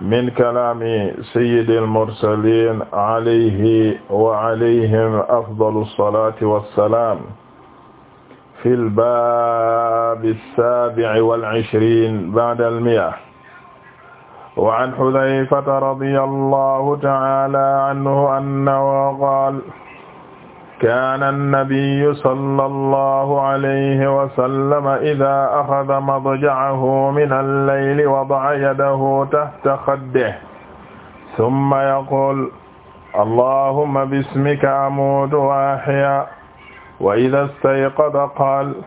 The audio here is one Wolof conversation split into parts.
min kalaami sayyidil mursaliin alayhi wa alayhim afdalu salaati wa salaam fil baabi saabi'i wal ishriin ba'dal mi'a. wa an Hudhayfata radiyallahu ta'aala anhu annahu qaala kaana nabiyyu sallallahu alayhi wa sallam idaa axada madja'ahu minal layli wada'a yadahu tahta khaddihi summa yaquulu allahumma bismika amuutu wa ahyaa wa idaa istayqaza qaala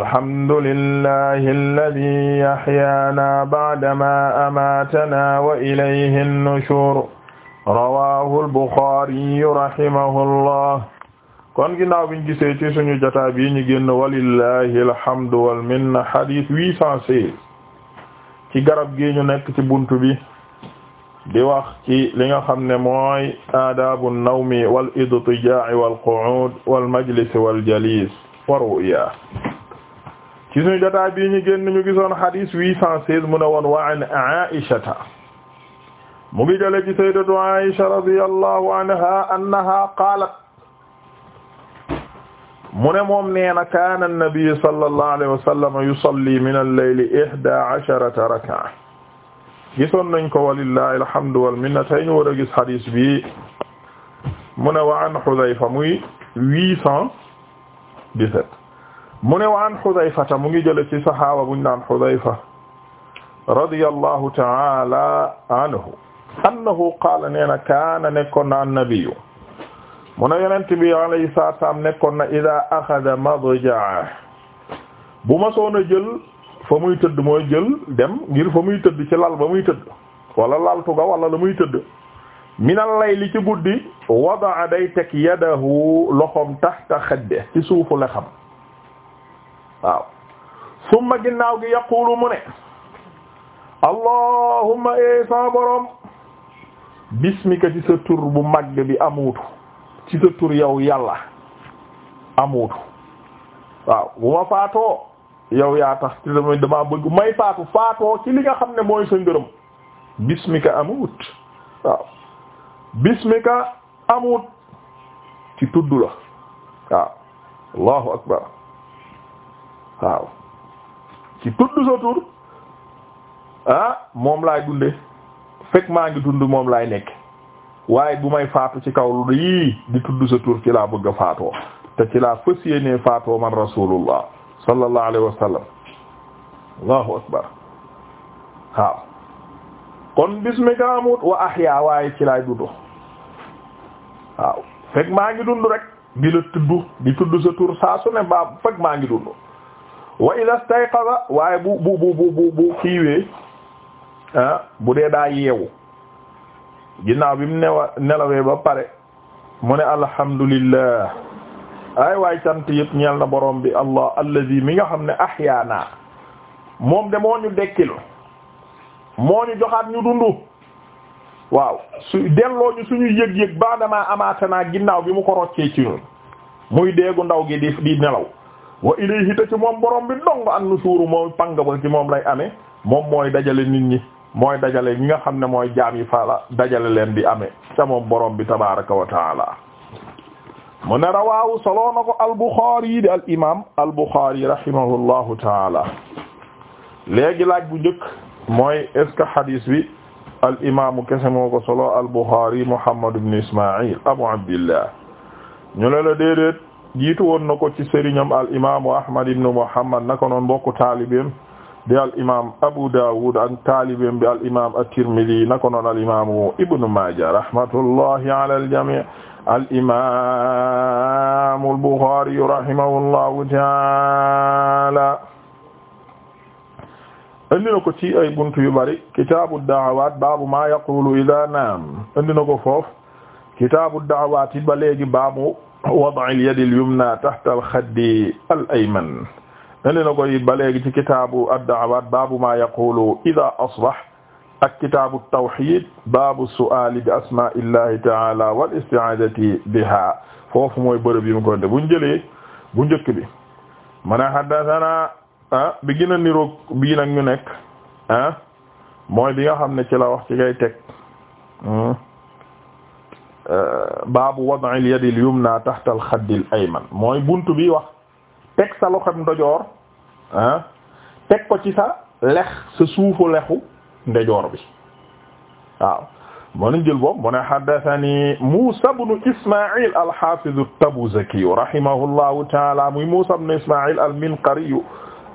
alhamdulillahi alladhii ahyaanaa ba'damaa amaatanaa wa ilayhin nushuur rawaahu al-Buxaari rahimahullah kon ginnaaw biñ gisee ci suñu jotaay bi ñu génn walillahi alhamdu wal minna hadith ci garab gi ñu nekk ci buntu bi di wax ci li nga xam ne mooy aadaabu nawmi wal idtijaa'i wal qu'ud wal majlis wal jalis wa ru'ya ci suñu jotaay bi ñu génn ñu gisoon hadith huit cent seize mu ne woon wa an aishata mu ngi jële ci sayyidatu aisha radiyallahu anha annaha qaalat mu ne moom nee na kaana an-nabi sallallahu alayhi wa sallam yusalli min al-layli ihdaa asharata raka'a gisoon nañ ko walillahi alhamdu wal minna tey ñu war a gis hadis bi mu ne wa an Hudayfa muy huit cent dix-sept mu ne wa an Hudayfata mu ngi jële ci sahaaba buñ naan Hudayfa radiyallahu ta'ala anhu annahu qaala nee na kaana nekkoon na an-nabiyyu mu ne yonent bi alayhi nekkoon na ida axada madjaa bu ma soon a jël fa muy tëdd mooy jël dem ngir fa muy tëdd ci lal ba muy tëdd wala laltu ga wala la muy tëdd minal layli ci guddi wadaa day teg yadahu loxoom taxta xadde ci suufu la xam waaw summa ginnaaw gi yaqulu mu ne allahumma e sa borom bismika ci sa tur bu mag bi amuutu ci sa tur yow yàlla amuutu waaw bu ma faatoo yow yaa tax ci dama damaa bëgg may faatu faatoo ci li nga xam ne mooy sa ngërëm bismika amuut waaw bismika amuut ci tudd la waaw allahu akbar waaw ci tudd sa tur ah moom laay dunde fekk maa ngi dund moom laay nekk waaye bu may faatu ci kaw lu yii di tudd sa tur ci laa bëgg a faatoo te ci laa fas faatoo man rasulullah sallallahu alayhi wa allahu akbar waaw kon bismika wa ahya waaye ci dundu waaw fekk maa ngi dund rek di la tudd di tudd sa tur saa ne ba fekk maa ngi dund wa ida stayqaza waaye bu bu bu bu bu kiiwee ah, bu dee daa yeewu ginnaaw bi mu newa nelawee ba pare mu ne alhamdulillah ay waay cant yëpp ñeel na borom bi allah allazi mi nga xam ne ahyaana moom de moo ñu dekkil moo ñu joxaat ñu dundu waaw su delloo ñu suñu yëg-yëg baadama amaatana ginnaaw bi mu ko roccee ci ñun muy deegu ndaw gi di di nelaw wa ilayhi ta ci moom borom bi dong an nusuuru mooy pang ba ci moom lay amee moom mooy dajale nit ñi mooy dajale ñi nga xam ne mooy jaam yi faala dajale leen bi amee ca moom borom bi tabaraka wa taala mu ne rawaawu soloo na ko al-Bukhari yi al imam al-Bukhari rahimahullahu taala léegi laaj bu njëkk mooy est hadis bi al imaamu kese moo ko solo al-Bukhari Muhammad ibn Isma'il Abu Abdillah ñu ne la déedéet jiitu woon na ko ci sëriñam al imaamu Ahmad ibn Muhammad naka noon mbokku taalibeem bi al imaam Abu Dawud ak taalibeem bi al imaam at-Tirmidhi nako noon al imaamu Ibn Maaja rahmatullahi ala al-jamii' al imaamu al-Bukhari rahimahullahu ta'ala. indi na ko ci ay buntu yu bari kitaabu da'awaat baabu maa yaqulu idhaa naam indi na ko foofu kitaabu da'awaat ba léegi baabu wad'i al-yadi al-yumna tahta al-khaddi al-ayman indi na koy ba léegi ci kitaabu ad-da'awaat baabu maa yaqulu idaa asbaha ak kitaabu tawhiid baabu su'aali bi asmaa'illahi ta'aalaa foofu mooy bërëb yi mu ko def bu njëlee bu njëkk bi man ah, bi gën a niroog bii nag ñu nekk ah mooy bi nga xam ne ci la wax ci ngay teg hmm, eh, baabu wad'il yadil yumnaa tahtal xaddil ayman mooy buntu bi wax. teg sa loxoom ndojoor ah teg ko ci sa lex sa suufu lexu ndejoor bi waaw moo nañ jël boobu mu ne haddathani Muusa ibn Ismaa'il al-Haafiz at-Tabuzaki rahimahullahu ta'ala muy Muusa ibn Ismaa'il al-Minqari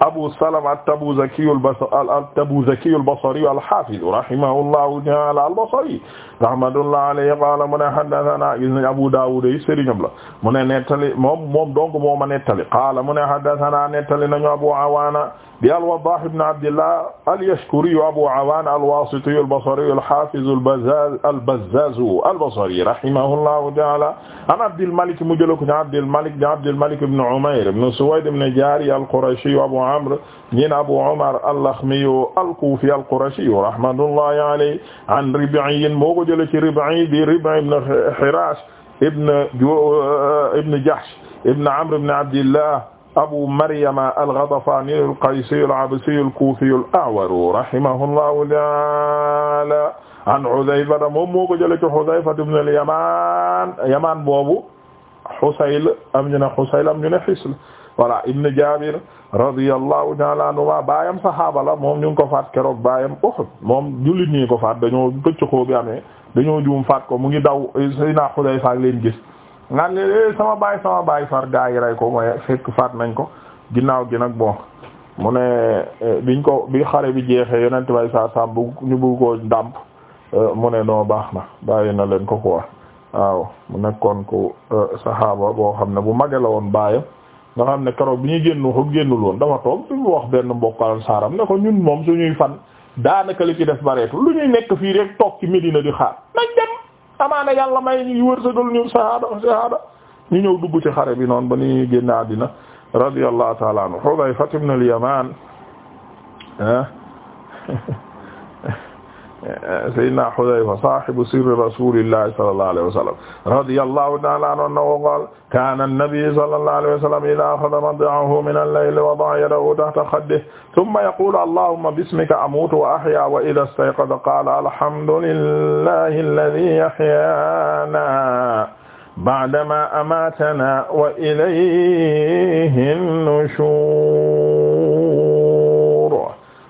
Abu Salama at-Tabuzaki at-Tabuzaki al-Basri al-Hafiz rahimahullahu ta'ala al-Basri rahmatullahi alayhi qala mu ne haddathana gis nañ Abu Dawud yi sëriñam la mu ne nettali moom moom donc moo ma nettali qala mu ne haddathana nettali nañu Abu Awana di al-Waddah ibn Abdillah al-Yashkuri Abu Awan al-Wasiti al-Basri al-Hafiz al-Bazzaz al-Bazzaz al-Basri rahimahullahu ta'ala an Abdil Malik mu jël ko Abdil Malik Abdil Malik ibn Umayr ibn Suwayd ibn Jari al-Qurashi Abu Amr ñi Abu Umar al-Lakhmi al-Kufi al-Qurashi rahmatullahi alayhi an Rib'i moo ko jël ci Rib'i di Rib'i ibn Hirash ibn Jahsh ibn Amr ibn Abdillah abu maryama al-ghatafani al-qaysi al-absi al-kufi al-a'war rahimahullahu ta'ala an Hudhayfa moom moo ko jëlee ci Hudhayfa ibn al-Yaman Yaman boobu Husayl am ñu ne Husayl am ñu ne Hisl voilà ibn Jabir radiyallahu ta'ala anhuma baayam saxaaba la moom ñu ngi ko faat keroog baayam Uhud moom jullit ñi ko faat dañoo pëcc ko bi amee dañoo juum faat ko mu ngi daw Sayyidina Hudhayfa leen gis naan leen eh, sama baay sama baay far gaa yi ko mooy fekk faat nañ ko ginnaaw gi nag bon mu ne eh, biñ ko bi xare bi jeexee yonent bay saa saam bu ñu bëgg eh, mu ne noo baax na bàyyi na leen ko quoi waaw mu nekkoon ku saxaaba boo xam ne bu mage la woon baayam nga ne keroog bi ñu génn ko génnul woon benn mbokkal saaram ne ko ñun moom suñuy fan daanaka li ci def bareetul lu ñuy nekk fii rek toog ci Medina di xaar nañ dem amaana yàlla may ñuy wërsëgal ñu sahaada sahaada ñu ñëw dugg ci xare bi noonu ba ni génn àddina radiyallahu ta'ala anhu Hudayfa ibn al-Yaman ah. Eh, sayyidina Hudayfa sahibu sirri rasulillahi sallallahu alayhi wa sallam radiyallahu ta'ala anhu annahu qala kana an-nabiyyu sallallahu alayhi wa sallam idha akhadha madja'ahu min al-layli wada'a yadahu tahta khaddihi thumma yaqulu allahumma bismika amutu wa ahya wa idha istayqadha qala alhamdulillahi alladhi ahyana ba'dama amatana wa ilayhi an-nushur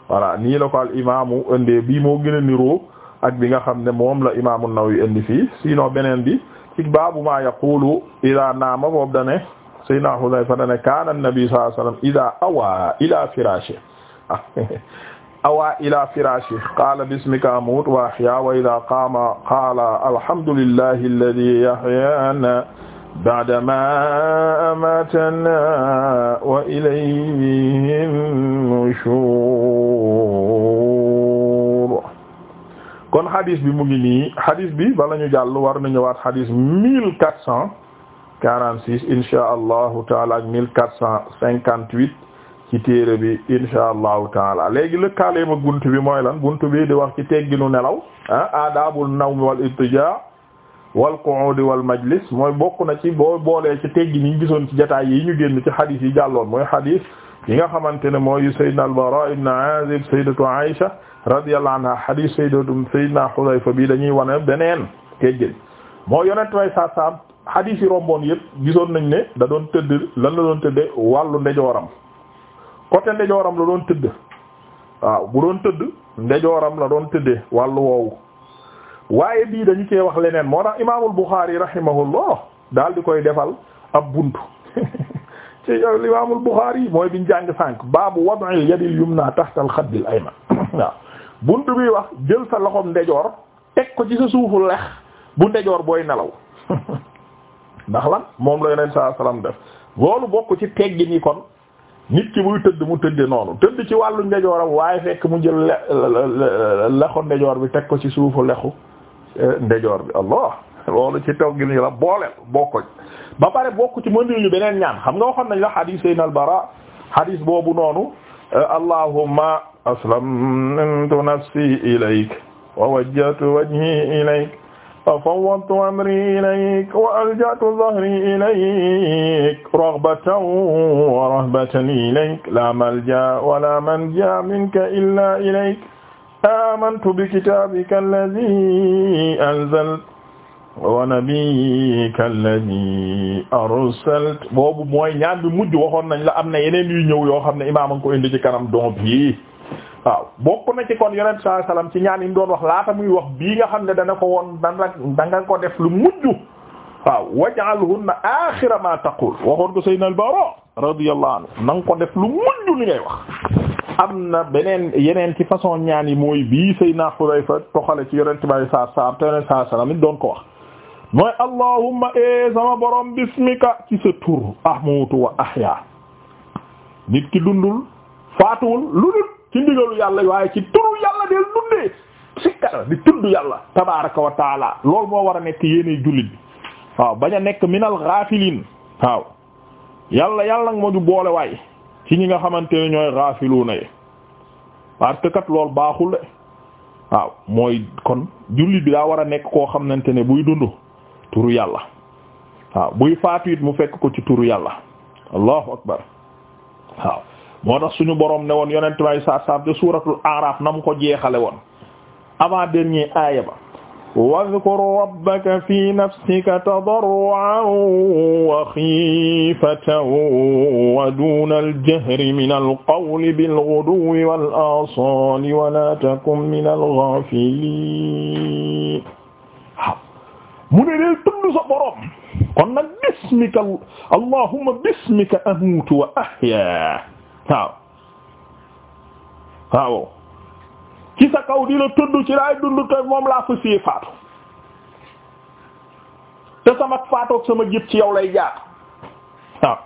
voilà nii la ko al imaamu indee bii moo gën a niroo ak bi nga xam ne moom la imaamu Nawawi indi fii sinon beneen bi ci baabu maa yaqulu ida naama boobu dane sayna Hudayfa dane kaana nabi sallallahu alayhi wasallam ida awa ila firaashi awa ila firaashi qaala bismika amuutu wa ahyaa wa ida qaama qaala alhamdulillahi alladhi yahyaana ba'da maa amaatanaa wa ilayhin nushuur kon hadis bi mu ngi nii hadis bi bala ñu jàll war na ñëwaat hadis mille quatre cent quarante six insha allahu taala ak mille quatre cent cinquante huit ci téere bi insha allahu taala léegi lëkkaaleem ak bunt bi mooy lan bunt bi di wax ci tegginu nelaw ah aadaabul nawmi wal ittijaa wal qu'ud wal majlis mooy bokk na ci boo boolee ci teggi ni ñu gisoon ci jotaay yi ñu génn ci xadiis yi jàlloon mooy xadiis yi nga xamante ne mooy sayyidina al-Bara ibn Azib sayyidatu Aisha radiyallahu anha xadiis sayyidatu sayyidina Hudayfa bi dañuy wana beneen teggin mooy yonent way sa sam xadiis yi romboon yëpp gisoon nañu ne da doon tëdd lan la doon tëddee wàllu ndejooram côté ndejooram la doon tëdd waaw bu doon tëdd ndejooram la doon tëddee wàllu woowu waaye bii dañu koy wax leneen moo tax imaamul Bukhari rahimahullah daal di koy defal ab bunt ci imaamul Bukhari mooy biñ jàng sànq baabu wad'il yadil yumna tahta al xadd al ayman waaw bunt bi wax jël sa loxoom ndejoor teg ko ci sa suufu lex bu ndejoor booy nelaw ndax lan moom la yeneen saa salaam def loolu bokk ci teggin yi kon nit ki buy tëdd mu tëdd noonu tëdd ci wàllu ndejooram waaye fekk mu jël le ndejoor bi teg ko ci suufu lexu ndejoor bi allah loolu ci taw gi ñu la boole bokko ba pare bokk ci mën ñu beneen ñaan xam nga waxoon nañ la xadiis Seydina al-Bara xadiis boobu noonu allahumma aslamtu nafsi ilayk wa wajjahtu wajhi ilayk wa fawwadtu amri ilayk wa alja'tu dhahri ilayk raghbatan wa rahbatan ilayk la malja wa la manja minka illa ilayk amantu bi kitaabika allazii anzalta wa nabiyyika allazii arsalta boobu mooy ñaan bi mujj waxoon nañ la am na yeneen yuy ñëw yoo xam ne imaam a ngi ko indi ci kanam donc yi waaw bokk na ci kon yonent sallallahu ci ñaan yi mu wax laata muy wax bii nga xam ne dana ko woon dana danga ko def lu mujj waaw waj'alhunna aaxira maa taqul waxoon ko Seydina al radiyallahu anhu na nga ko def lu mujj li ngay wax am na beneen yeneen ci façon ñaan yi mooy bii Seydina Xudayfa toxale ci yonent bay saa saam te yonent saa saam it doon ko wax mooy allahumma e sama borom bismika ci sa tur ahmutu wa ahya nit ki dundul faatuwul lu dul ci ndigalu yàlla waaye ci turu yàlla del dundee sikkar di tudd yàlla tabaraka wa taala moo war a nekk yéene jullit waaw bañ a nekk minal ghafilin waaw yàlla yàlla nga ma du boole waay ci ñi nga xamante ne ñooy raafilu na yi parce que kat loolu baaxul de waaw mooy kon jullit bi daa war a nekk koo xamante ne buy dund turu yàlla waaw buy faatu mu fekk ko ci turu yàlla allahu akbar waaw moo tax suñu borom ne woon yonent may saab saab de suuratul aaraaf na mu ko jeexale woon avant dernier aaya ba wadhkur rabbaka fi nafsika tadarru'an wa khiifatan wa duuna al-jahri mina al-qawli bil-ghuduwwi wal-aasaali wa laa takun mina al-ghaafiliin mu ne dee tudd sa borom kon nag bismika allahumma bismika amuutu wa ahyaa waaw waaw ci sa kaw di la tudd ci laay dund te moom laa fas yéene faatu te sama faatoog sama jëpp ci yow lay jaar waaw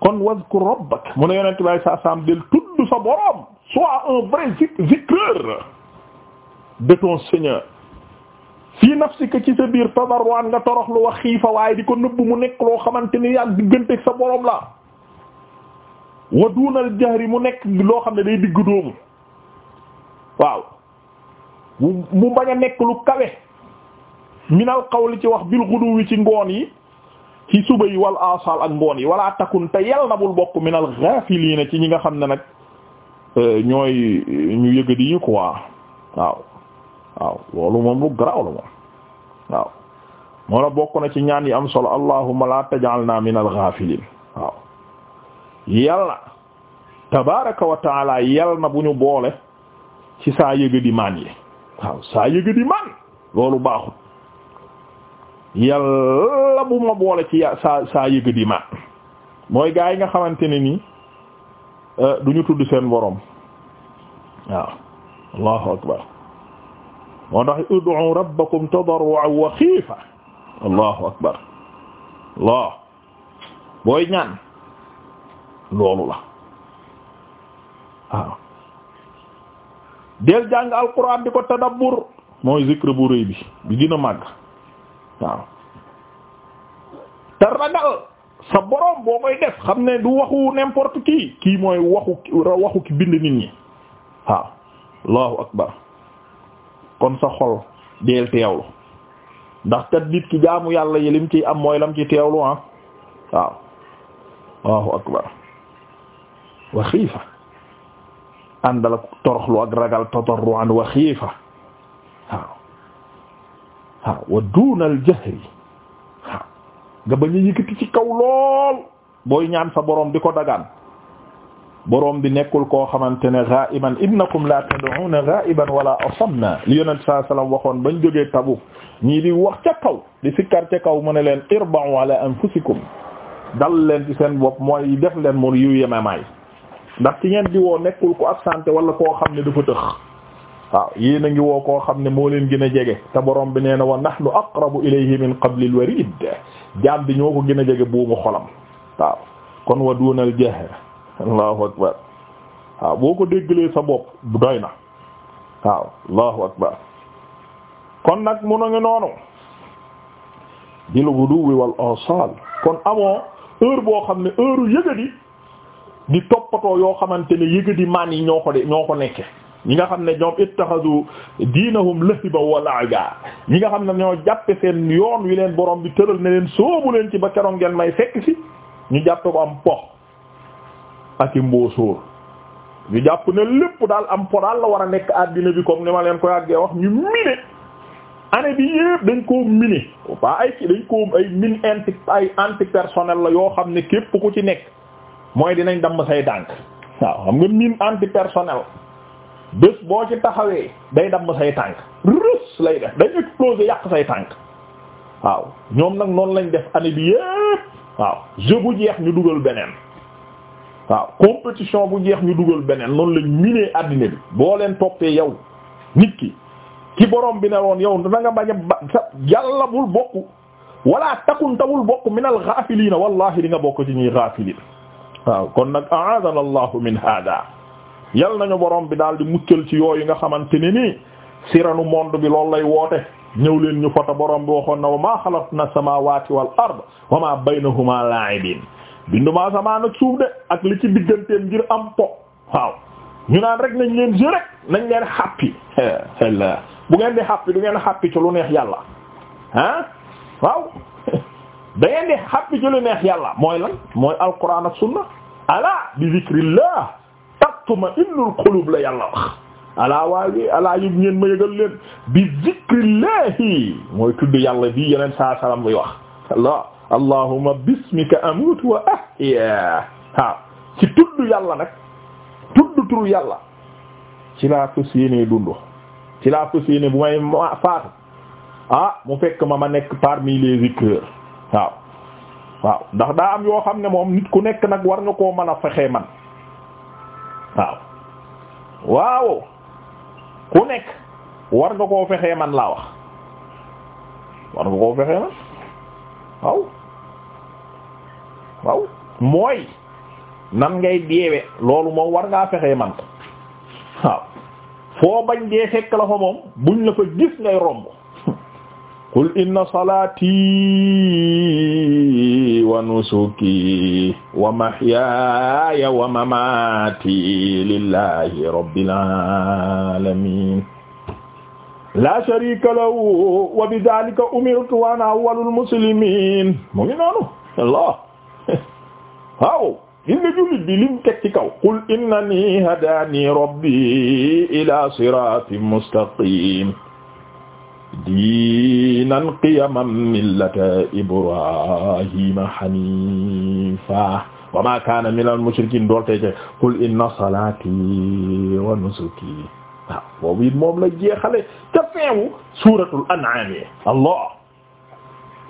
kon wazkur rabbak mu ne yonent bay sa sam del tudd sa boroom sois un vrai zikr de Seigneur fii nafsika ci sa biir tadarruan nga toroxlu wax xiifa waaye di ko nëbb mu nekk loo xamante ni yàgg diggante sa boroom la wa duunal jahri mu nekk loo xam ne day diggu doomu waaw mu bañ a nekk lu kawe minal qawli ci wax bil ghuduwi ci ngoon yi ci suba yi wal asal ak ngoon yi wala takun te yal na bul bokk minal ghafilina ci ñi nga xam ne nag euh, ñooy euh, ñu yëgadi yi quoi waaw waaw loolu moom lu garaaw la moom waaw moo la bokk na ci ñaan yi am solo allahumma la taj'alna minal ghafilin waaw yàlla tabaraka wa taala yal na bu ñu boole ci saa yëga di maan yi waaw saa yëga di maan loolu baaxut yàlla bu ma boole ci saa saa yëga di maan mooy gaa yi nga xamante ne nii euh, du ñu tudd seen borom waaw allahu akbar moo tax ud'u rabbakum tadarru'an wa xiifa allahu akbar allah booy ñaan loolu la waaw del jàng alquran di ko tadabbur mooy zikr bu rëy bi bi gën a màgg waaw te ragal sa boroom boo koy def xam ne du waxu n'importe qui kii mooy waxu waxu ki bind nit ñi waaw allahu akbar kon sa xol deel teewlu ndax kat nit ki jaamu yàlla yi lim ciy am mooy lam ci teewlu ah waaw allahu akbar wa xiifa àndal ak toroxlu ak ragal tadarruan wa xiifa waaw waaw wa duunal jahri waaw nga bañ a yëkkati ci kaw lool booy ñaan fa boroom di ko dagaan boroom bi nekkul koo xamante ne ghaiban innakum la tad'una ghaiban wala asamna li yonent saa sallam waxoon bañ jógee tabu ñii di wax ca kaw di sikkar ca kaw mu ne leen irba'u ala anfusikum dal leen ci seen bopp mooy def leen mu yu yemamaay ndax ci ngeen di woo nekkul ku absenté wala koo xam ne dafa tëx waaw yéen a ngi woo koo xam ne moo leen gën a jege te boroom bi nee na wa nahnu aqrabu ilayhi min qablil warid jaam bi ñoo ko gën a jege buumu xolam waaw kon wa dunal jahr allahu akbar waaw boo ko déggalee sa bopp doy na waaw allahu akbar kon nag mun a ngi noonu bil wuduwi wal asal kon amoo heure boo xam ne heure yëgadi di toppatoo yoo xamante ne di maan yi ñoo ko de ñoo ko nekke ñi nga xam ne ñoom ittaxadu diinahum lahiba wa la'iba ñi nga xam ne ñoo jàppe seen yoon wi leen borom bi tëral ne leen soobu leen ci ba keroog ngeen may fekk ci ñu jàppe ko am pox ak i mboosóor ñu jàpp ne lépp daal am po daal la war a nekk àddina bi comme ni ma leen koy àggee wax ñu mine année bi yépp dañ koo mine pas ay dañ koo ay mine anti ay anti personnel la yoo xam ne képp ku ci nekk mooy dinañ damm say tànk waaw xam nga mine antipersonnel bés boo ci taxawee day damm say tànk rus lay def day exploser yàq say tànk waaw ñoom nag noonu lañ def année bi yépp waaw jeu bu jeex ñu dugal beneen waaw compétition bu jeex ñu dugal beneen noonu lañ minee àddina bi boo leen toppee yow nit ki ki borom bi ne woon yow da nga bañ a ba sa yàlla bul bokk wala takuntawul bokk minal ghafilina wallahi di nga bokk ci ñuy ghafilina waaw kon nag aadana allahu min hada yal nañu borom bi daal di muccal ci yooyu nga xamante ne nii siranu monde bi loolu lay woote ñëw leen ñu fota borom bi waxoon na wa maa xalaqna samawati wal ard wa ma baynahuma la'ibin bindumaa samaan ak suuf de ak li ci digganteem ngir am po waaw ñu naan rek nañ leen jeu rek nañ leen happy bu ngeen di happy du ngeen happy ci lu neex yàlla ah waaw da ngeen di xàppi jëlu neex yàlla mooy lan mooy alquran ak sunna ala bi zikrillah tatma innul qulub la yàlla alaa waaye alaa yëg ngeen ma yëgal leen bi zikrillahi mooy tudd yàlla bi yeneen saa salaam bi wax allah allahumma bismika amutu wa ahya waaw tudd yàlla nag tudd turu yàlla ci laa fas yéenee dund ci laa fas yéenee bu may faatu ah mu fekk ma ma nekk parmi les zikr waaw ndax daa am yoo xam ne moom nit ku nekk nag war nga koo mën a fexee man waaw waaw ku nekk war nga koo fexee man laa wax war nga koo fexee man waaw mooy nan ngay deewe loolu moom war ngaa fexee man ko waaw foo bañ dee fekk la fa moom buñ la fa gis ngay romb qul inna salati wa nusuki wa mahyaaya wa mamati lillahi rabbil alamin la sharika lahu wa bidhalika umirtu wa ana awwalul muslimin mu ngi noonu Allah waaw in na jullit bi lim teg ci kaw qul innani hadani rabbi ila siratin mustaqim diinan qiyaman millata ibrahima hanifa wa ma kana minal mushrikin dooltece qul inna salati wa nusuki waaw boobu it moom la jeexale ca feewu suratul an'am allah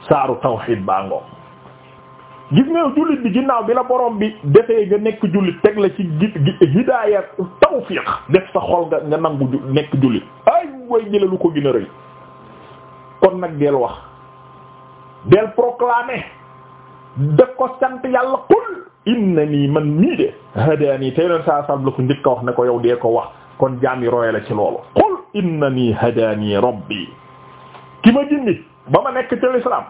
saaru tawhid baa ngoo gis nga jullit bi ginnaaw bi la borom bi defee nga nekk jullit teg la ci hidaaya tawfiq def sa xol nga nga nangu nekk jullit ay way jëlalu ko gën a rëy kon nag del wax del proclamer da ko sant yàlla qul inna nii man mii de hadaani te yoneen saa sam la ko njëkk a wax ne ko yow dee ko wax kon jaam yi roye ci loolu qul inna nii hadaani rabbi ki ma gindi ba ma nekk ci l'islam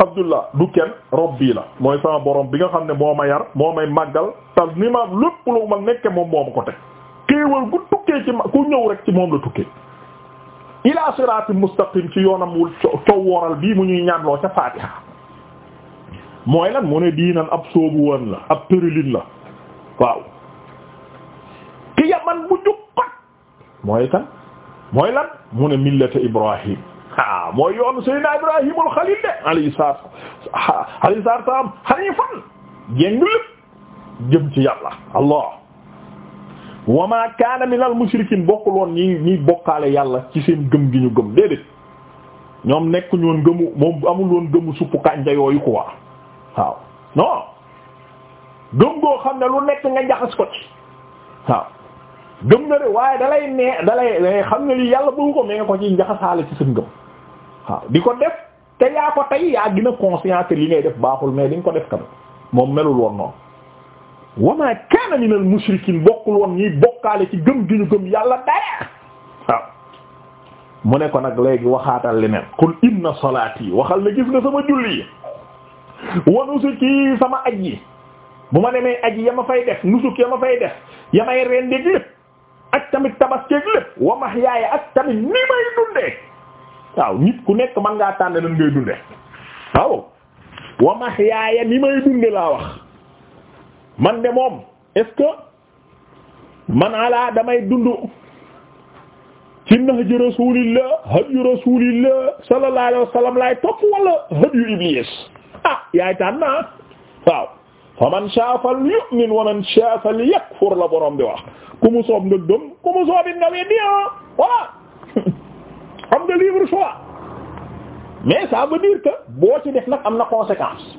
Abdullah du kenn rabbi la mooy sama borom bi nga xam ne moo ma yar moo may màggal tal ni ma lépp lu ma nekke moom moo ma ko teg kéewal gu tukkee ci ma ku ñëw rek ci moom la tukkee ila sirati mustaqim ci yoonam wul cow wooral mu ñuy ñaanloo ca faatiha mooy lan mu ne diinan ab soobu la ab tërëlin la waaw ki yaman bu mu ne millata ibrahim ah mooy yoonu seydina yàlla allah wa ma kaana minal mushrikiin bokkul woon ñi ñiy bokkaale yàlla ci seen gëm gi ñu gëm déedéet ñoom nekkuñu woon gëmu moom amul woon gëmu suppu kànja yooyu quoi waaw non gëm goo xam ne lu nekk nga njaxas ko ci waaw gëm na de waaye dalay nee dalay xam ne lii yàlla bëggu ko mais nga ko ci njaxasaale ci seen gëm waaw di ko def te yaa ko tey yaa gën a conscient que li ngay def baaxul mais di nga ko def kam moom melul woon noonu wama kaana minal mushrikiin bokkul woon ñuy bokkaale ci gëm gi ñu gëm yàlla dara waaw mu ne ko nag léegi waxaatal leneen qul inna salaati waxal ne gis nga sama julli wa nusuki sama aji bu ma demee aji ya ma fay def nusuk ya ma fay def ya may rendeeg lépp ak tamit tabaskeeg lépp wa mahyaaya ak tamit ni may dundee waaw nit ku nekk man ngaa tànn lan ngay dundee waaw wa mahyaaya ni may dunde laa wax man de moom est-ce que man ala damay dund ci nahj rasulillah hadyu rasulillah sallallahu alayhi wasallam laay topp wala hadyu iblis ah yaay tànn naa waaw fa man sha'a falyu'min wa man sha'a falyakfur la borom bi wax ku mu soob nga gëm ku mu soobit nga weddi ah. voilà xam nga libre choix mais ça veut dire que boo ci def nag am na conséquence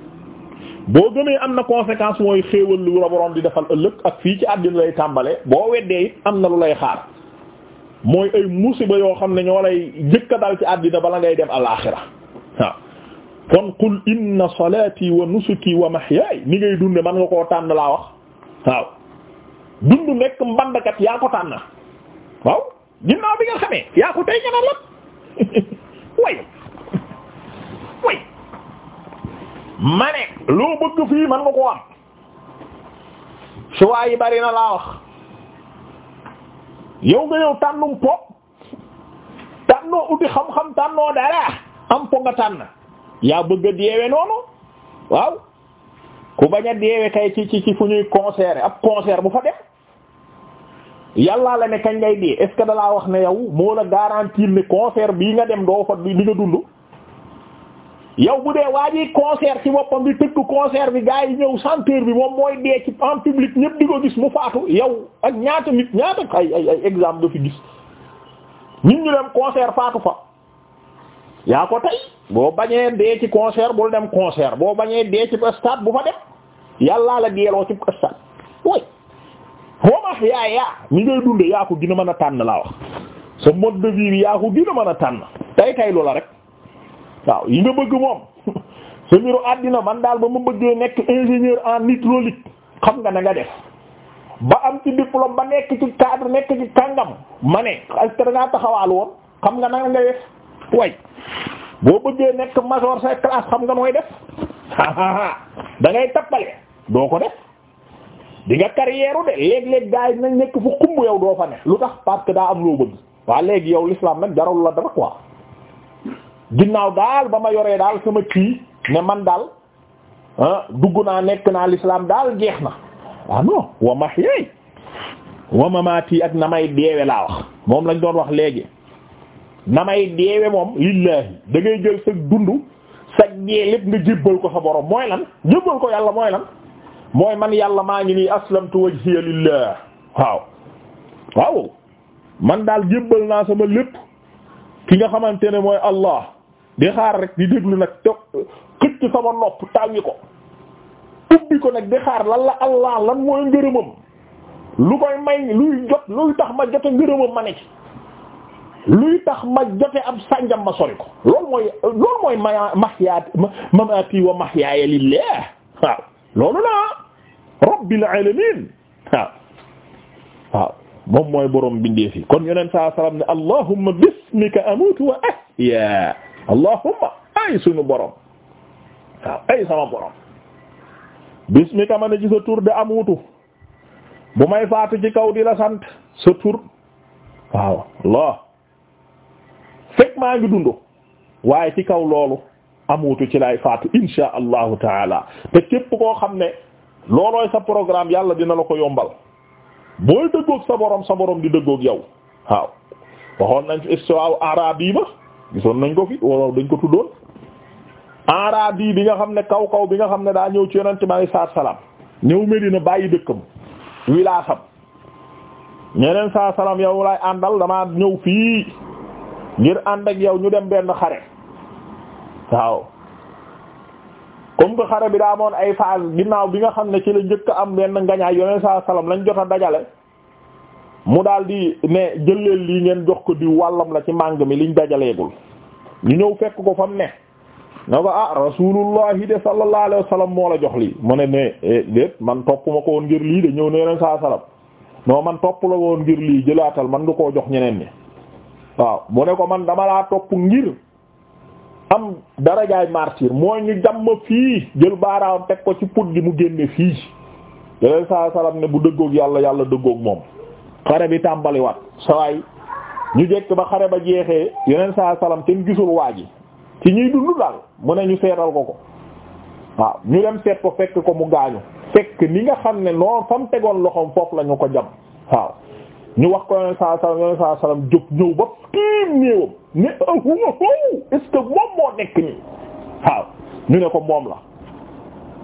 boo gëmee am na conséquence mooy xéewal lu la boroom di defal ëllëg ak fii ci àddina lay tàmbale boo weddee it am na lu lay xaar mooy ay musiba yoo xam ne ñoo lay jëkka dal ci àddina bala ngay dem alaaxira waaw kon qul inna salaati wa nusuki wa mahyaay ni ngay dunde man nga koo tànn laa wax waaw dund nekk mbandkat yaa ko tànn waaw ginnaaw bi nga xamee yaa ko tey ñana lat way way mane loo bëgg fii man nga ko am choix yi bari laa wax yow nga ñëw tànnum po tànnoo uti xam-xam tànnoo dara am po nga tànn yaa bëgg a deewe noonu waaw ku bañ a deewe kay ci ci ci fu ñuy concert ab concert bu fa dem yàllaa la ne kañ ngay dee est-ce que dalaa wax ne yow moo la garantir ne concert bii nga dem doo fa dina dund yow bu dee waa ji concert ci boppam bi tëgg concert bi gars yi ñëw chanteur bi moom mooy dee ci en public ñëpp di ko gis mu faatu yow ak ñaata nit ñaata ay ay exemple nga fi gis ñun ñu dem concert faatu fa yaa ko tey boo bañee dee ci concert bul dem concert boo bañee dee ci stade bu fa dem yàllaa la deeloo ci stade way xomax yaa yaa ni ngay dunde yaa ko gën a mën a tànn laa wax sa mode de vie bi yaa ko gën a mën a tànn tey tay loola rek waaw yi nga bëgg moom sa mbiru àddina man daal ba ma bëggee nekk ingénieur en hydraulique xam nga na nga def ba am ci diplôme ba nekk ci cadre nekk ci kàngam ma ne ak ce que da ngaa taxawaal woon xam nga na nga def way boo bëggee nekk major sa classe xam nga nooy def dangay ngay tappale doo ko def di nga carrière de léeg-léeg gars yi nekk fu xumb yow doo fa ne lu tax parce daa am loo bëgg waa léegi yow l'islam nag jarul la dara quoi ginnaaw daal ba ma yoree daal sama kii ne man daal ah, dugg naa nekk naa l'islam daal jeex na ah non wa mahyay wa mamati ak na may deewe laa wax moom lañ doon wax léegi na may deewe moom lillahi da jël sa dund sa dee lépp nga jébbal ko sa borom mooy lan jébbal ko yàlla mooy lan mooy man yàlla maa ngi nii aslamtu wajhiya lillah waaw waaw man daal jébbal naa sama lépp ki nga xamante ne mooy Allah di xaar rek di déglu nag te xëcc sama nopp tàngi ko ubbi ko nag di xaar lan la allah lan mooy ngërëmam lu koy may luy jot luy tax ma jote ngërëmam ma ne luy tax ma jote ab sànjam ma sori ko loolu mooy loolu mooy ma mamaati wa mahyaaya lillah waaw loolu laa rabbil alamin waaw waaw moom mooy borom bindee fi kon yonent saa sallam ne allahumma bismika amutu wa ahya allahumma ay sunu borom waaw ay sama borom bismika ma ne ci sa tur de amutu bu may faatu ci kaw di la sant sa tur waaw allah fekk maa ngi dund waaye ci kaw loolu amutu ci lay faatu insha allahu taala te képp koo xam ne loolooy sa programme yàlla dina la ko yombal booy dëggoog sa borom sa borom di dëggook yow waaw waxoon nañ fi istiwaaw araab ba gisoon nañ ko fi wala dañ ko tuddoon enradi bi nga xam ne kaw kaw bi nga xam ne daa ñëw ci yonent bi alayhi salaatu salaam ñëw Medina bàyyi dëkkam wilaasam ñeneen saa salaam yow lay àndal damaa ñëw fii ngir ànd ak yow ñu dem benn xare waaw comme que xare bi daa moon ay phase ginnaaw bi nga xam ne ci la njëkk am benn ngañaay yoneen saa salaam lañ jot a dajale mu daal di ne jëleel lii ngeen jox ko diw wàllam la ci màng mi liñ dajaleegul ñu ñëw fekk ko fa ne na ko ah rasulullahi de sallallahu alayhi wa moo la jox lii mu ne ne e, déet man topp ma ko woon ngir lii de ñëw ne yeneen saa salam man topp la woon ngir lii jëlaatal man du koo jox ñeneen ni waaw mu ne ko man dama laa topp ngir am dara darajaay martyr mooy ñu jàmm fii jël baaraam teg ko ci put gi mu génne fii yeneen saa salam ne bu dëggook yàlla yàlla dëggoog moom xare bi tàmbaliwaat sawaay ñu jekk ba xare ba jeexee yeneen saa salaam kenn gisul waa ji ci ñuy dund daal mu ne ñu seetal ko ko waaw ñu dem seet ko fekk ko mu gaañu fekk ni nga xam ne noonu fa mu tegoon loxoom foofu la ko jam waaw ñu wax ko yeneen saa salaam yeneen saa salaam jóg ñëw ba tiim néewam ne oh, oh, oh, est-ce que moom moo nekk nii waaw ñu ne ko moom la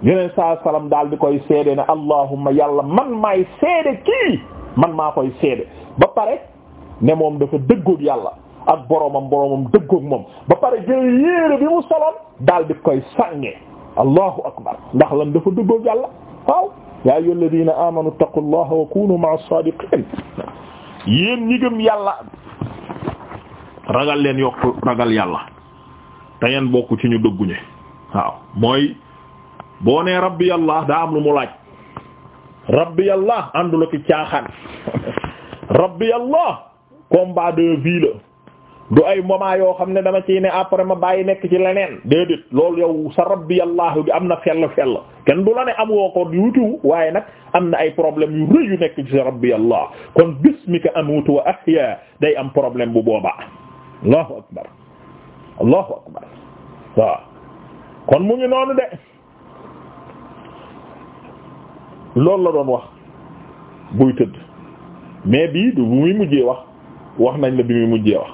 yeneen saa salaam daal di koy seede ne allahumma yàlla man maay seede kii. man maa koy seede ba pare ne moom dafa dëggoog yàlla ak boromam boromam dëggoog moom ba pare jël bi mu soloon daal di koy sànge allahu akbar ndax lan dafa dëggoog yàlla waaw yaa ayyuha alladina amanu taqullaha wa kunu ma'a as-sadiqin yéen ñi gëm yàlla ragal leen yokk ragal yàlla te ngeen bokk ci ñu dëgguñe waaw mooy boo nee rabbi yàlla daa am lu mu laaj rabbi yàlla àndul ak caaxaan rabbi yàlla combat de vie la du ay moment yoo xam ne dama ciy ne après ma bàyyi nekk ci leneen déedéet loolu yow sa rabbi yàlla bi am na fell fell kenn du la ne amoo ko yuutu waaye nag am na ay problème yu rëy yu nekk ci sa rabbi yàlla kon bismika amutu wa ahya day am problème bu boobaa allahu akbar allahu akbar waaw kon mu ngi noonu de loolu la doon wax buy tëdd mais bii du bu muy mujjee wax wax nañ la bi muy mujjee wax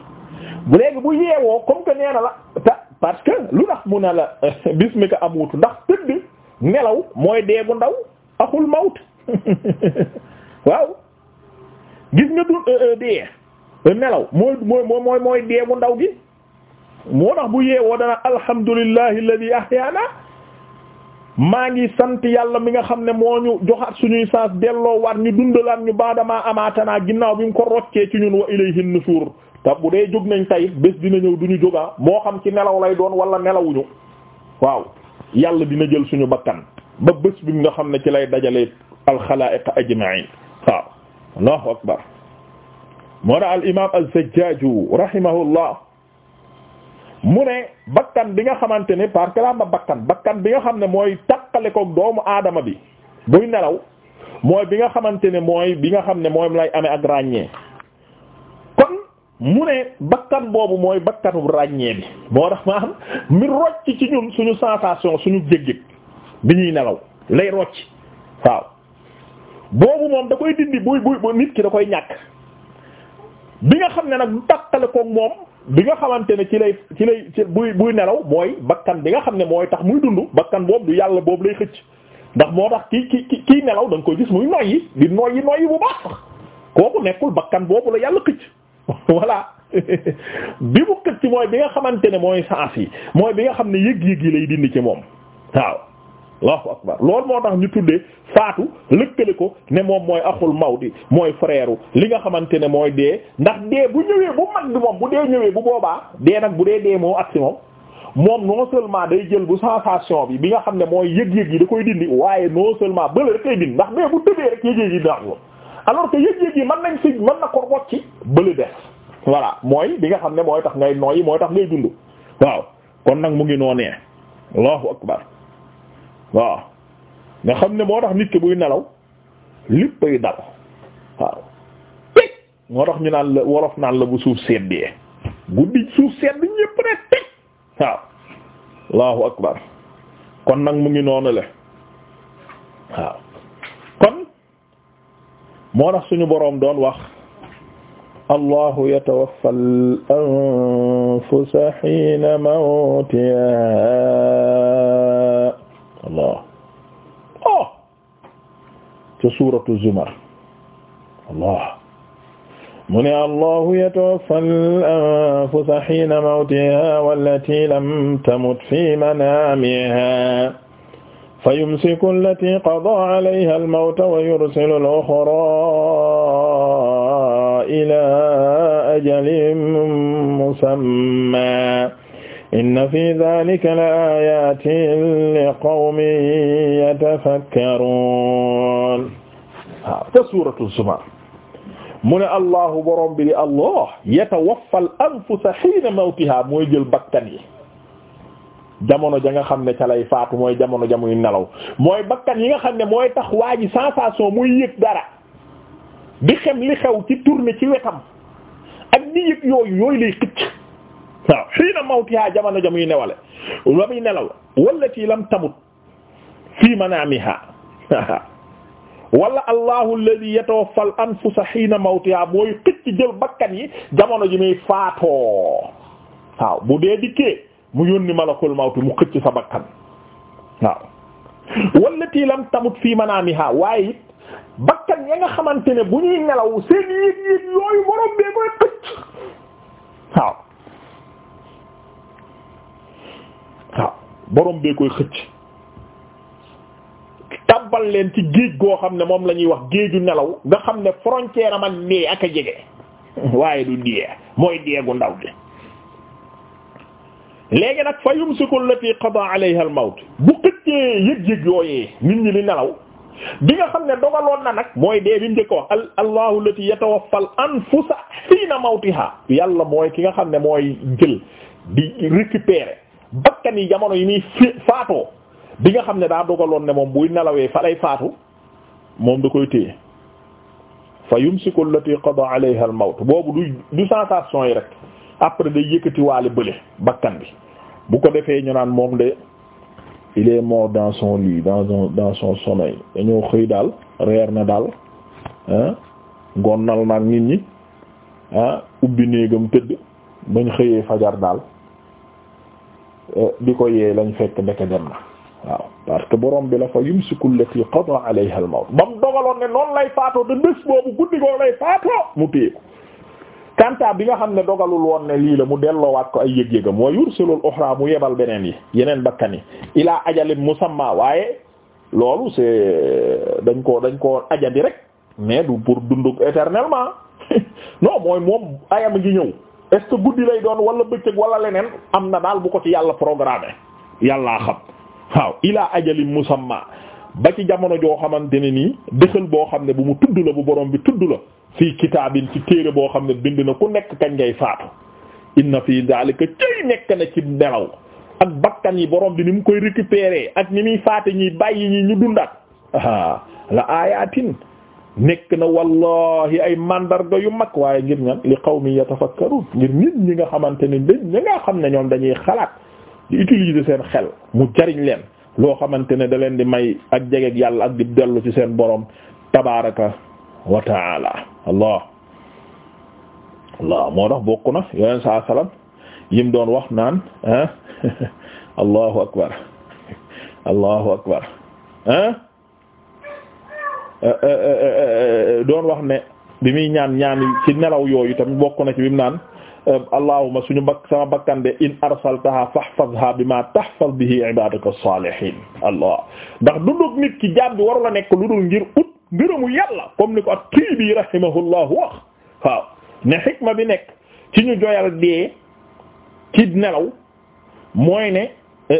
bu léegi bu yeewoo comme que nee la ta parce que lu tax mu ne la bismika amutu ndax tëdd nelaw mooy deegu ndaw axul mawt waaw gis nga du euh, euh, dee nelaw mooy mooy mooy mooy deegu ndaw gi moo tax bu yeewoo dana alhamdulillahi alladhi ahyana maa ngi sant yàlla mi nga xam ne moo ñu joxaat suñuy saas delloo waat ñu dundalaat ñu baadamaa amaatanaa ginnaaw bi mu ko roccee ci ñun wa ilayhi nushur te bu dee jóg nañ tey bés dina ñëw du ñu jógaa moo xam ci nelaw lay doon wala ñu waaw yàlla dina jël suñu bakkan ba bés bi nga xam ne ci lay dajalee alxalaa'iq ajma'in waaw allahu akbar moo na al imam az-Zajjaj rahimahullah mu ne bakkan bi nga xamante ne parce que ma bakkan bakkan bi nga xam ne mooy takkale ko doomu aadama bi buy nelaw mooy bi nga xamante ne mooy bi nga xam ne mooy lay amee ak ràññee kon mu ne boobu mooy bakkanu ràññee bi moo tax maanaam mi ci ñun suñu sensation suñu jëg-jëg bi ñuy nelaw lay rocc waaw boobu moom da koy dindi buy buy nit ki da koy ñàkk bi nga xam ne nag takkale ko moom. bi nga xamante ne ci lay ci lay ci buy buy nelaw mooy bakkan bi nga xam ne mooy tax muy dund bakkan boobu du yàlla boobu lay xëcc ndax moo tax ki ki kii nelaw danga nga koy gis muy noyyi di noyyi noyyi bu baax sax kooku nekkul bakkan boobu la yàlla xëcc voilà bi mu xëcc mooy bi nga xamante ne mooy sens yi mooy bi nga xam ne yëg-yëg yi lay dindi ci moom waaw allahu akbar moo tax ñu tuddee faatu lëkkale ko ne moom mooy axul mawti mooy frère li nga xamante ne mooy dee ndax dee bu ñëwee bu mag bi moom bu dee ñëwee bu boobaa dee nag bu dee dee moo agsi moom moom non seulement day jël bu sensation bi bi nga xam ne mooy yëg-yëg yi da koy dindi waaye non seulement bële rek koy dindi ndax bee bu tëbee rek yëg-yëg yi daax alors que yëg-yëg yi mën nañ si mën na ko rocc bële des voilà mooy bi nga xam ne mooy tax ngay nooyi mooy tax ngay dund waaw kon nag mu ngi noonee waaw nga xam ne moo tax nit ki buy nelaw léppay dal waaw moo tax ñu naan la wolof naan la bu suuf seddee guddi suuf sedd ñépp rek waaw allahu akbar kon nag mu ngi noonu la waaw kon moo tax suñu boroom doon wax allahu yatawaffa al anfusa hiina Allah oh ca suuratu Zumar Allah mu ne allahu yatawaffa al-anfusa hiina mawtihaa wallatii lam tamut fii manaamihaa fa yumsiku allatii qadaa alayhaa al-mawta wa yursilu al-ukhraa ilaa ajalin musammaa inna fi dhalika la ayatin li qawmin yatafakkarun waaw te suratu zumar mu ne allahu borom bi di allah yatawaffal anfusa hiina mawtiha mooy jël bakkan yi jamono ja nga xam ne ca lay faatu mooy jamono ja muy nelaw mooy bakkan yi nga xam ne mooy tax waa ji sensation muy yëg dara di xem li xew ci tourner ci wetam ak di yëg yooyu yooyu lay xëcc waaw xii na mawtiha jamono jamuy newale la muy nelaw wallati lam tamut fii manaamiha wala allahu alladhi yatawaffa al anfusa xiina mawtiha mooy xëcc jël bakkan yi jamono ji muy faatoo waaw bu dee dikkee mu yónni malakul mawti mu xëcc sa bakkan waaw wallati lam tamut fii manaamiha waaye it bakkan ya nga xamante ne bu ñuy nelaw seen yéeg yéeg yooyu borom bee mooy xëcc waaw waaw borom bee koy xëcc tabbal leen ci géej goo xam ne moom la ñuy wax géeju nelaw nga xam ne frontière am ak dee ak a jege waaye du dee mooy dee gu ndaw bi léegi nag fa yumsiku allati qada alayha al mawt bu xëccee yëg-yëg yooyee nit ñi li nelaw bi nga xam ne dogaloon na nag mooy dee bi mu njëkk wax al allahu allati yatawaffa al anfusa hiina mawtiha yàlla mooy ki nga xam ne mooy jël di récupérer bakkan yi jamono yi muy faatoo bi nga xam ne daa dogaloon ne moom buy nelawee fa lay faatu moom da koy téye fa yumsiku allati qada alayha al mawt boobu du du sensation yi rek après day yëkkati waale bële bakkan bi bu ko defee ñu naan moom de il est mort dans son lit dans son son sommeil dañoo xëy daal reer na daal ah gonnal nag nit ñi ah ubbi néegam tëdd bañ xëyee fajar daal Eh, di ko yee lañ fekk ndeke dem na waaw parce que borom bi la fa yumsiku allati qada alayha al mawt ba mu dogaloon ne noonu lay faatoo te bés boobu guddi goo lay faatoo mu téye ko kanta bi nga xam ne dogalul woon ne lii la mu delloowaat ko ay yëg-yëgam wa yursilul uxra mu yebal beneen yi yeneen bakkan yi ilaa ajalin musamma waaye loolu c'est dañ ko dañ ko ajadi rek mais du pour dunduk éternellement non mooy moom ayam ngi ñëw est-ce que guddi lay doon wala bëccëg wala leneen am na daal bu ko ci yàlla programmé yàllaa xam waaw ilaa ajalin musamma ba ci jamono joo xamante ne nii dëxal boo xam ne bu mu tudd la bu borom bi tudd la fii kitaabin ci téere boo xam ne bind na ku nekk kañ ngay faatu inna fii daalika cëy nekk na ci nelaw ak bakkan yi borom bi ni mu koy récupérer ak ni muy faate ñi bàyyi ñi ñu dundaat la aayatin nekk na wallahi ay mandarga yu mag waaye ngir ñan li qawmi yatafakkarun ngir nit ñi nga xamante ni dañ nga xam ne ñoom dañuy xalaat di utiliser seen xel mu jariñ leen loo xamante ne da leen di may ak jegeeg yàlla ak di dellu ci seen borom tabaraka wa taala allah moo tax bokk na yoneen saa salam yim doon wax naan ah allahu akbar allahu akbar ah. Euh, euh, euh, doon wax ne bi muy ñaan ñaan ci nelaw yooyu tamit bokk na ci bi mu naan allahumma suñu bakk sama bakkan de in arsaltaha fahfazha bima tahfaz bihi ibadaka ndax dundug nit ki jaam bi waru la nekk lu dul ngir ut ngërëmu yàlla comme ni ko at-Tiibi rahimahullahu wax waaw ne xikma bi nekk ci ñu joyal dee ci nelaw mooy ne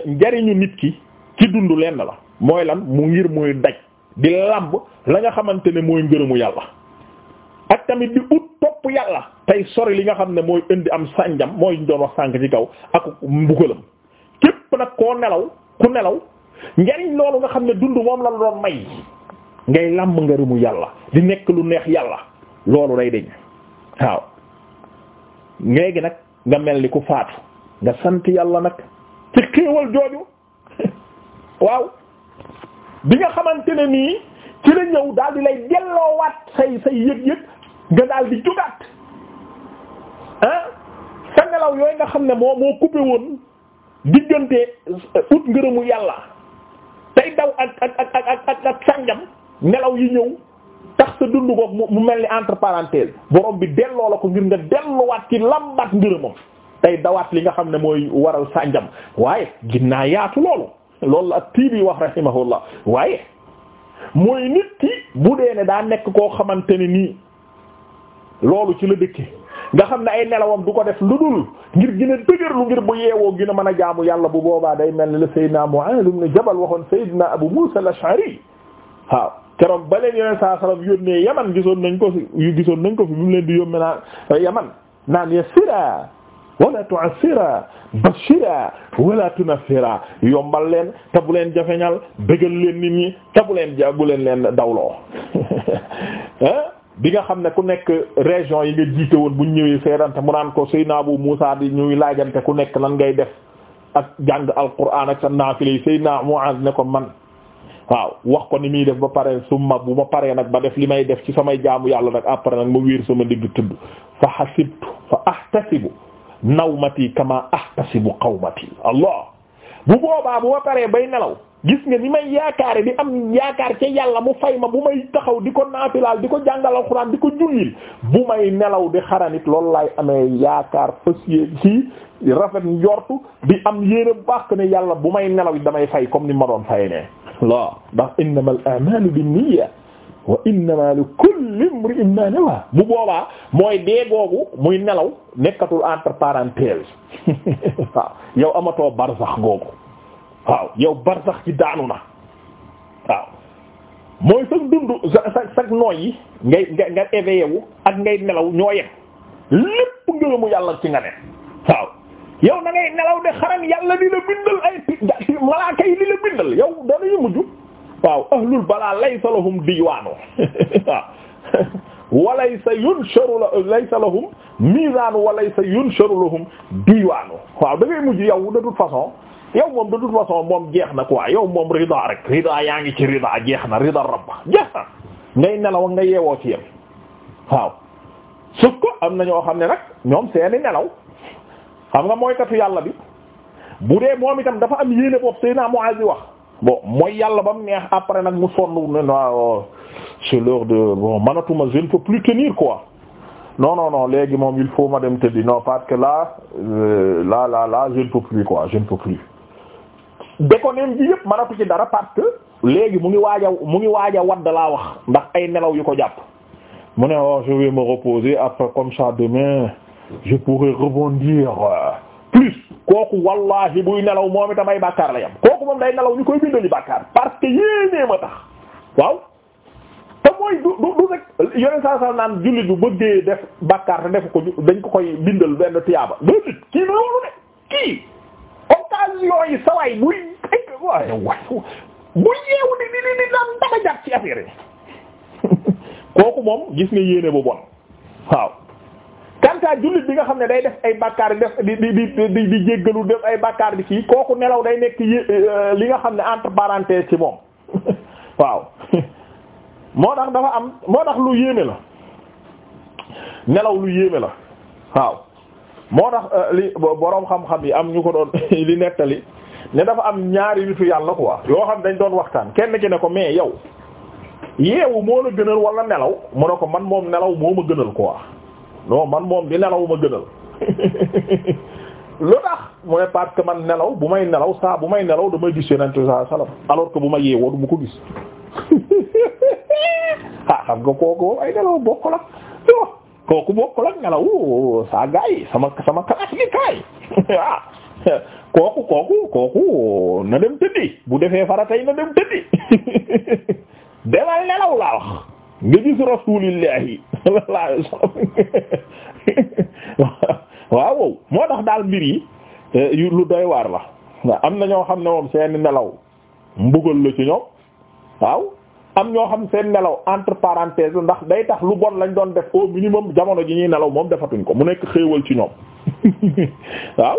njariñu nit ki ci dund lenn la mooy lan mu ngir muy daj di lamb la nga xamante ne mooy ngërëmu yàlla ak tamit di ut topp yàlla tey sori li nga xam ne mooy indi am sànjam mooy doon wax sànk ci kaw ak mbugalam képp nag koo nelaw ku nelaw njariñ loolu nga xam ne dund moom la doon may ngay làmb ngërëmu yàlla di nekk lu neex yàlla loolu day deñ waaw léegi nag nga mel ni ku faatu nga sant yàlla nag ci xéewal jooju waaw bi nga xamante ne nii ci la ñëw daal di lay delloowaat say say yëg-yëg nga daal di jugaat ah sa ngelaw yooyu nga xam ne moo moo coupé woon diggante euh, ut ngërëmu yàlla tey daw ak ak ak ak sànjam ngelaw yi ñëw tax sa dund ko mu mel ni entre parenthèses borom bi delloo la ko ngir nga delluwaat ci lambat ngërëmam tey dawaat li nga xam ne mooy waral sànjam waaye ginnaa yaatu loolu loolu la ak tii bi wax rahimahullah waaye mooy nit ki bu dee ne daa nekk koo xamante ne nii loolu ci la dëkke nga xam ne ay nelawam du ko def lu dul ngir gën a dëgërlu ngir bu yeewoo gën a mën a jaamu yàlla bu boobaa day mel ne la Seydina Mu'adh ibn Jabal waxoon Seydina Abu Musa al-Ash'ari waaw keroog ba leen yeneen saa sallam yónnee yaman gisoon nañ ko yu gisoon nañ ko fi bi mu leen di yónnee naan yaman naan ya wala tu'assira bashira wala tunaffira yombal leen te leen jafeñal bëggal leen nit ñi te leen ja bu leen leen dawloo bi nga xam ne ku nekk région yi nga jiite woon bu ñëwee seedante mu naan ko Seydina Abu Muusa di ñuy laajante ku nekk lan ngay def ak jàng alquran ak sa naafile naa Seydina Muaz ne ko man waaw wax ko ni muy def ba pare summa bu ma paree nag ba def li may def ci samay jaamu yàlla nag après nag ma wéer sama digg tudd fa hasibtu fa ahtasibu nawmati kama ahtasibu qawmati allah bu boobaa bu ma paree bay nelaw gis nga ni may yaakaare di am yaakaar ca yàlla mu fay ma bu may taxaw di ko naafilaal di ko jàngal alxuraan di ko jullil bu may nelaw di xaranit lool laay amee yaakaar fas ci rafet njortu di am yéene baax ne yàlla bu may nelaw damay fay comme ni ma doon fay ne la ndax innamal a'malu binniyat wa innama li kulli imri'in ma nawa bu boobaa mooy dee googu muy nelaw nekkatul entre parenthèses waaw yow amatoo barzax googu waaw yow barzax ci daanu na waaw mooy sax dund sa sa nooy yi ngay nga nga éveillé ak ngay nelaw ñoo yem lépp ngërëmu yàlla ci nga ne waaw yow na ngay nelaw de xaran yàlla di la bindal ay malaaka yi di la bindal yow danañu mujj waaw ahlul balaa laysa lahum diwaanu waaw walaysa yunsharu laysa lahum mizaanu walaysa yunsharu lahum diwaanu waaw da ngay mujj yow de du façon yow moom de toute façon moom jeex na quoi yow moom rida rek rida yaa ngi ci rida jeex na rida rabba jeex na ngay nelaw nga yeewoo ci yem waaw suuf ko am na ñoo xam ne nag ñoom seeni nelaw xam nga mooy katu yàlla bi bu dee moom itam dafa am yéene bopp sëy naa Muaaz wax bon mooy yàlla ba mu neex après nag mu sonn ne non oh, c'est l'heure de bon manatuma je ne peux plus tenir quoi non non non léegi moom il faut ma dem tëddi non parce que là euh, là là là je ne peux plus quoi je ne peux plus. déconneem bi yëpp manatu ci dara parce que léegi mu ngi waaj a mu ngi waaj a wadd laa wax ndax ay nelaw yu ko jàpp mu ne oh je vais me reposer après comme ça je pou rebondir. kooku wallahi buy nelaw moom itam ay bàkkaar la yam kooku moom day nelaw ñu koy bindali bàkkaar parce que yéenee ma tax waaw te mooy du du rek yoneen saa saa naan jullit bu bëggee def bàkkaar te def ko dañ ko koy bindal benn tiyaaba déedéet kii loolu de kii occasion yi sawaay buy waaye waaye bu yeewu ni naan dama jàpp ci affaire yi kooku moom gis nga yéene bu bon waaw kantaa jullit bi nga xam ne day def ay bàkkaar def di di di di jéggalu def ay bàkkaar di kii kooku nelaw day nekk euh, li nga xam ne entre parenthèses ci moom waaw moo tax dafa am moo tax lu yéeme la nelaw lu yéeme la waaw moo tax euh, li bo boroom xam-xam yi am ñu ko doon li nettali ne dafa am ñaari nitu yàlla ko quoi yoo xam dañ doon waxtaan kenn ki ne ko mais yow yeewu moo la gënal wala nelaw mu ne ko man moom nelaw moo ma gënal wax non man moom di nelaw ma gënal lu tax mu ne parce que man nelaw bu may nelaw saa bu may nelaw damay gis yonent saa salaam alors que bu ma yeewoo du ma ko gis ah xam nga kooku kooku kooku na dem tëddi bu defee faratay na dem tëddi demal nelaw laa wax. nga gis rasulillahi sallallahu alayhi wasallam waaw moo tax daal mbir yi eh, lu doy waar la am na ñoo xam ne moom seen nelaw mbugal la ci ñoom waaw am ñoo xam seen nelaw entre parenthèses ndax day tax lu bon lañ doon def au minimum jamono ji ñuy nelaw moom defatuñ ko mu nekk xéewal ci ñoom waaw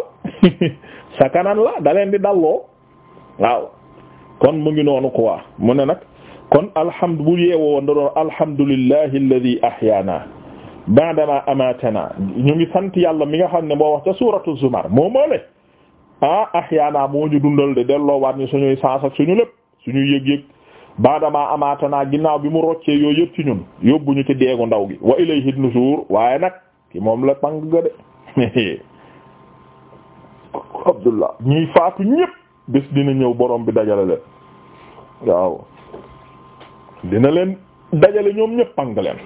sa kanan la da di dalloo waaw kon mu ngi noonu quoi mu ne nag kon alhamdu bu yeewoo woon da doon alhamdulillahi alladhi ahyaana amaatana ñu ngi sant yàlla mi nga xam ne moo wax ca suuratu zumar moo ah ahyaana moo ñu dundal de delloo waat ñu suñuy saas ak suñu lépp suñuy yëg ginnaaw bi mu roccee yooyu yëpp ci ñun yóbbuñu ci deegu ndaw gi wa ilayhi nusuur waaye nag ki moom la pang ga de abdullah ñuy faatu ñëpp bés dina ñëw borom bi dajale leen waaw dina leen dajale ñoom ñëpp pang leen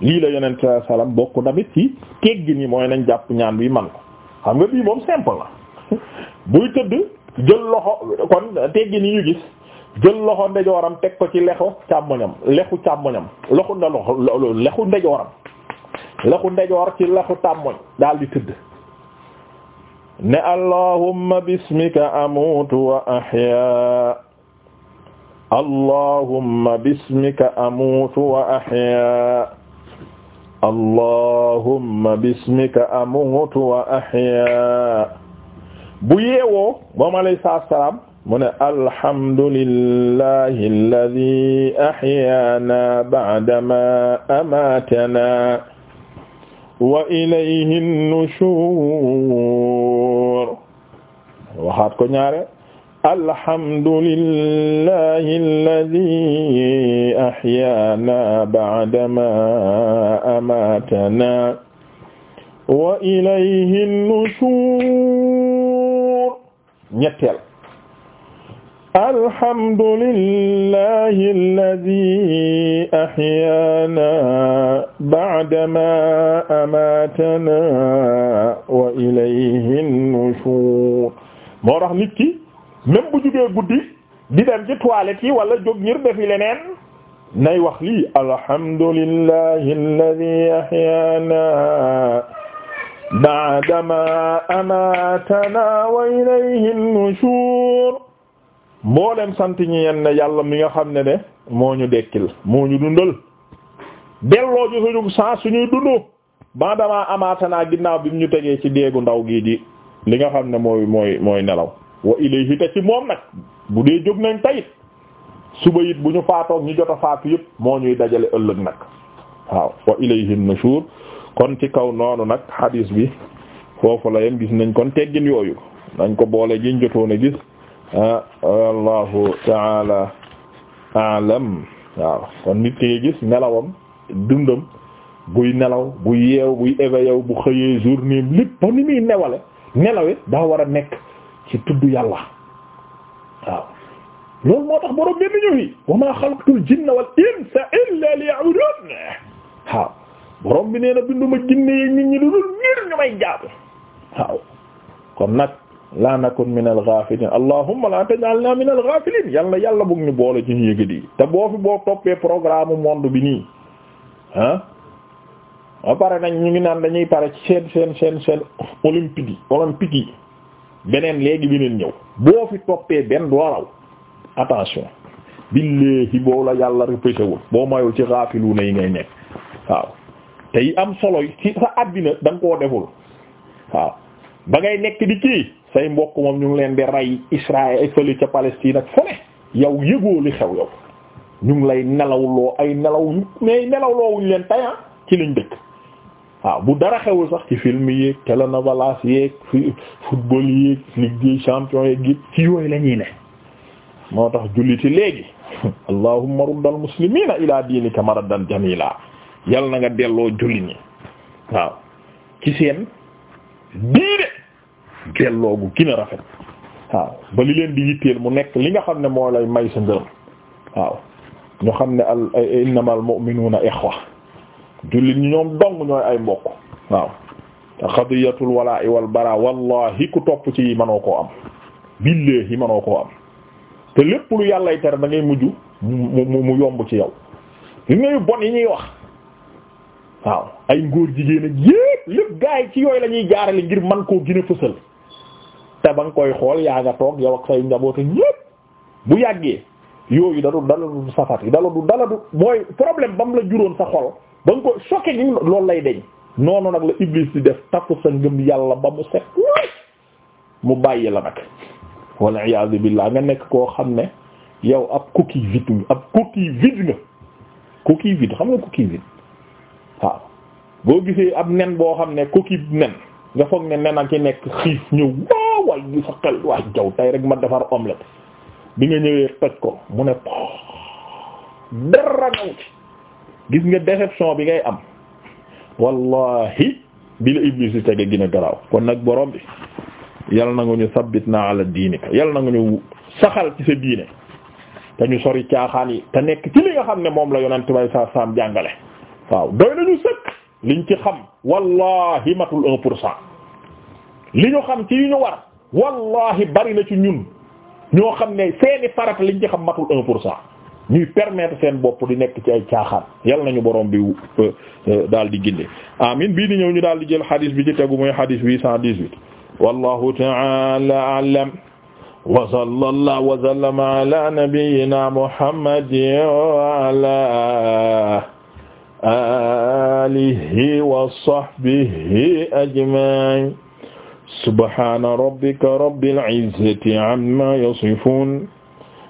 lii la yonent sa salaam bokk tamit ci teggin yi mooy nañ jàpp ñaan bi man ko xam nga bii moom simple la buy tëdd jël loxo kon teggin yi ñu gis jël loxo ndejooram teg ko ci lexu càmmoñam lexu càmmoñam loxu nda loxo lexu ndejooram lexu ndejoor ci lexu càmmoñ daal di tëdd ne allahumma bismika amutu wa ahya allahumma bismika amuutu wa ahyaa allahumma bismika amuutu wa ahyaa bu yeewoo moom alayhi salaam mu ne alhamdulillahi alladhi ahyaana ba'dama amaatanaa wa ilayhi nushuur waxaat ko ñaare alhamdulillahi allazii ahyaanaa ba'da maa amaatanaa wa ilayhi nushuur ñetteel alhamdulillahi allazii ahyaanaa ba'da maa amaatanaa wa ilayhi nushuur moo tax nit ki même bu jugee guddi di dem ci toilette yi wala jóg ngir defi leneen nay wax lii alhamdulillahi alladhi ahyaana ba'da ma amatana wa ilayhi an-nushur mboolem sant ñu yenn yàlla mi nga xam ne de moo ñu dekkil moo ñu dundal delloo ju suñu saa suñuy dundu ba dama amaata ginnaaw bi ñu tegee ci déegu ndaw gii di li nga xam ne mooy mooy mooy nelaw wa ilayhi te ci moom nag bu dee jóg nañ tayit suba it bu ñu faatoog ñu jot faatu yëpp moo ñuy dajale ëllëg nag waaw wa ilayhi nushur kon ci kaw noonu nag hadis bi foofu la yem gis nañ kon teggin yooyu nañ ko boole giñ jotoon na gis wallahu taala alam waaw kon nit ki gis nelawam dundam buy nelaw bu yeew buy éveillé bu xëyee journée lépp ba ni muy newale nelawe daa war a nekk ci tudd yàlla waaw loolu moo tax borom bi nee na binduma jinne yi nit ñi lu dul ngir ñu may jaamu waaw kon nag la nakun min al-ghafilin allahumma la taj'alna min al-ghafilin yàlla yàlla bëgg ñu boole ci ñu yëgadi te boo fi boo toppee programme monde bi nii ah ba pare nañ ñu ngi naan dañuy pare ci seen seen seen seen yi olympique yi beneen léegi beneen ñëw boo fi toppee benn doo raw attention billahi boo la yàlla repêché wul boo mayul ci xaafilu na yi ngay nekk waaw te yi am solo ci sa àddina da koo deful waaw ba ngay nekk di kii say mbokk moom ñu ngi leen di rey Israël ay fële ca Palestine ak fële yow yëgoo li xew yow ñu ngi lay nelawloo ay nelaw mais nelawloo wuñ leen tayaan ah. ci lañ dëkk waaw ah, bu dara xewul sax ci film yeeg telenovelas yeeg football yeeg ligue des champions yeeg yëpp ci yooyu la ne moo tax julliti léegi allahumma ruddal muslimina ila dinika maradan jamila yal na nga delloo julli ñi waaw ci seen diine delloo gu gën rafet waaw ba leen di yitteel mu nekk li nga xam ne moo lay may sa ngërëm waaw ñu xam ne al innamal mu'minuna ikhwa jullit ñi ñoom dong ñooy ay mbokk waaw te xadiyatul walaa wal bara wallahi ku topp ci manoo koo am billahi manoo koo am te lépp lu yàllay tere da ngay mujj mu mu yomb ci yow li ngay bon yi ñuy wax waaw ay ngóor jigéen ak yépp lépp gaa yi ci yooyu la ñuy jaarale ngir man koo gën a fësal te ba nga koy xool yaa nga toog yow ak say njaboot ak ñépp bu yàggee yooyu da du dala du safat yi dala du dala du mooy problème ba mu la juróon sa xol ba nga ko choqué gi loolu lay deñ noonu nag la iblis di def tapp sa ngëm yàlla ba mu set mu bàyyi la nag walla iyaazu billaah nga nekk koo xam ne yow ab coquille vide ab coquille vide nga coquille vide xam nga coquille vide waaw boo gisee ab nen boo xam ne coquille nen nga foog ne nen a ci nekk xiif ñëw waawal gi sa xel waay jaw tey rek ma defar omelette bi nga ñëwee toj ko mu ne dara naw ci gis nga déception bi ngay am wallahi bi la iblis yu tege gën a garaaw kon nag borom bi yal na nga ñu sabbit naa ala diinika yal na nga ñu saxal ci sa diine te ñu sori caaxaan yi te nekk ci li nga xam ne moom la yonent bay sa saam jàngale waaw doy nañu sëkk liñ ci xam wallahi matul un pour cent li ñu xam ci yu ñu war wallahi bari na ci ñun ñoo xam ne seeni farata liñ ci xam matul un pour cent ñuy permettre seen bopp di nekk ci ay caaxaan yal nañu borom bi euh, euh, daal di ginde amin bii di ñëw ñu daal di jël xadis bi ci tegu muy xadis 818 wallahu ta'ala a'lam wa sallallahu wa sallama ala nabiyyina muhammadin wa ala alihi wa sahbihi ajma'in subhana rabbika rabbil izzati amma yasifun